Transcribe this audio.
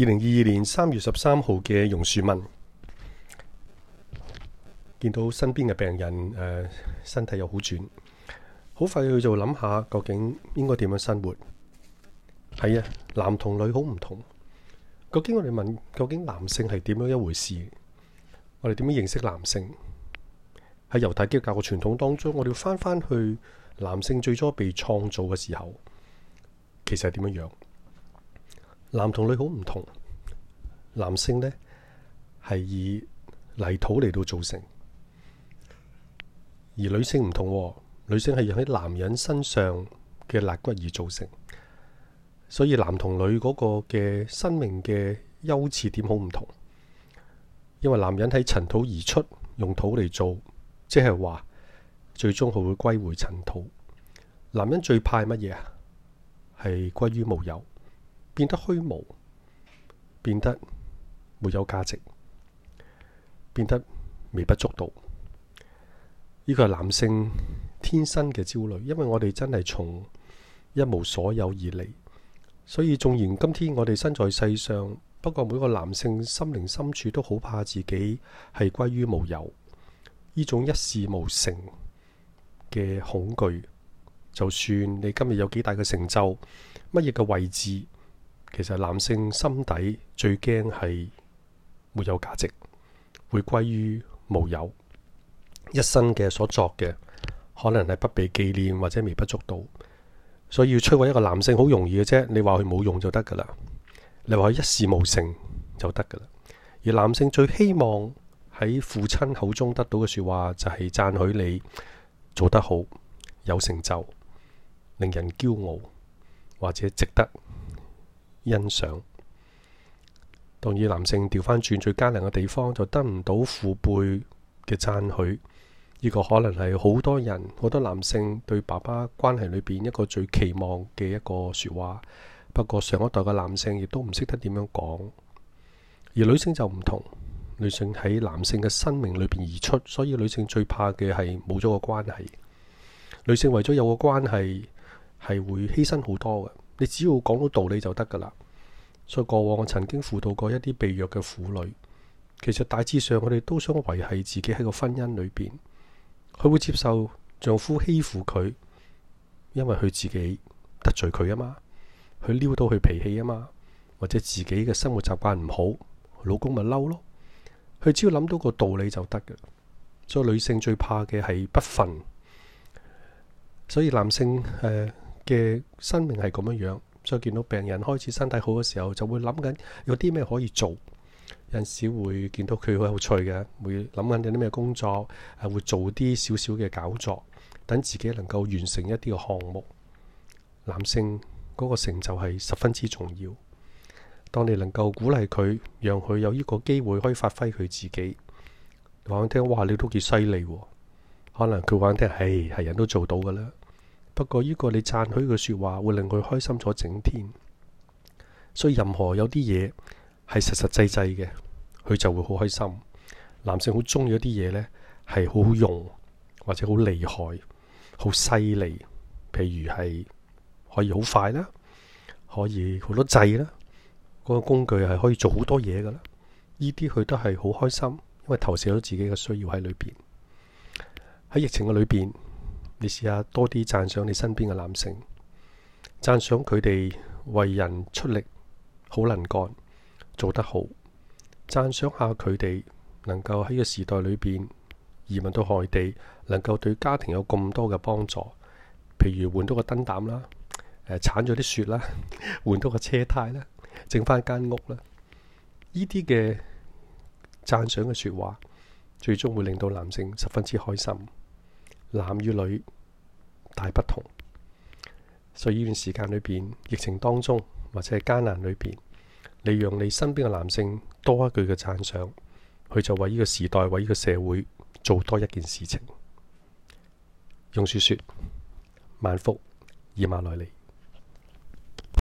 二零二二年三月十三號嘅榕樹文，見到身邊嘅病人，誒、呃，身體又好轉，好快佢就會諗下究竟應該點樣生活。係啊，男同女好唔同。究竟我哋問，究竟男性係點樣一回事？我哋點樣認識男性？喺猶太基督教嘅傳統當中，我哋要翻翻去男性最初被創造嘅時候，其實係點樣樣？男同女好唔同，男性呢，係以泥土嚟到造成，而女性唔同，哦，女性係由喺男人身上嘅肋骨而造成，所以男同女嗰個嘅生命嘅優次點好唔同。因為男人喺塵土而出，用土嚟做，即係話最終佢會歸回塵土。男人最怕乜嘢啊？係歸於無有。變得虛無，變得沒有價值，變得微不足道。呢個係男性天生嘅焦慮，因為我哋真係從一無所有而嚟，所以縱然今天我哋身在世上，不過每個男性心靈深處都好怕自己係歸於無有。呢種一事無成嘅恐懼，就算你今日有幾大嘅成就，乜嘢嘅位置。其實男性心底最驚係沒有價值，會歸於無有，一生嘅所作嘅可能係不被紀念或者微不足道，所以要摧毀一個男性好容易嘅啫。你話佢冇用就得噶啦，你話佢一事無成就得噶啦。而男性最希望喺父親口中得到嘅說話就係、是、讚許你做得好，有成就，令人驕傲或者值得。欣賞，當以男性調翻轉最艱難嘅地方，就得唔到父輩嘅贊許，呢個可能係好多人好多男性對爸爸關係裏邊一個最期望嘅一個說話。不過上一代嘅男性亦都唔識得點樣講，而女性就唔同，女性喺男性嘅生命裏邊而出，所以女性最怕嘅係冇咗個關係。女性為咗有個關係，係會犧牲好多嘅。你只要講到道理就得噶啦，所以過往我曾經輔導過一啲被虐嘅婦女，其實大致上佢哋都想維繫自己喺個婚姻裏邊，佢會接受丈夫欺負佢，因為佢自己得罪佢啊嘛，佢撩到佢脾氣啊嘛，或者自己嘅生活習慣唔好，老公咪嬲咯，佢只要諗到個道理就得嘅，所以女性最怕嘅係不忿，所以男性誒。呃嘅生命係咁樣樣，所以見到病人開始身體好嘅時候，就會諗緊有啲咩可以做。有陣時會見到佢好有趣嘅，會諗緊有啲咩工作係會做啲少少嘅搞作，等自己能夠完成一啲嘅項目。男性嗰個成就係十分之重要。當你能夠鼓勵佢，讓佢有呢個機會可以發揮佢自己，講聽哇，你都幾犀利喎。可能佢講聽，唉係人都做到㗎啦。不過呢個你讚許嘅說話會令佢開心咗整天，所以任何有啲嘢係實實際際嘅，佢就會好開心。男性好中意一啲嘢呢，係好好用或者好厲害，好犀利，譬如係可以好快啦，可以好多掣啦，嗰個工具係可以做好多嘢噶啦。呢啲佢都係好開心，因為投射咗自己嘅需要喺裏邊。喺疫情嘅裏邊。你試下多啲讚賞你身邊嘅男性，讚賞佢哋為人出力，好能幹，做得好，讚賞下佢哋能夠喺個時代裏邊移民到外地，能夠對家庭有咁多嘅幫助。譬如換到個燈膽啦，誒鏟咗啲雪啦，換到個車胎啦，整翻間屋啦，呢啲嘅讚賞嘅說話，最終會令到男性十分之開心。男與女大不同，所以呢段時間裏邊疫情當中或者係艱難裏邊，你讓你身邊嘅男性多一句嘅讚賞，佢就為呢個時代，為呢個社會做多一件事情。用樹說，萬福以馬內利。